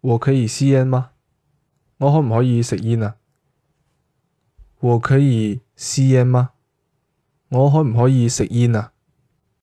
我可以吸煙嗎？我可唔可以食煙啊？我可以吸煙嗎？我可唔可以食煙啊？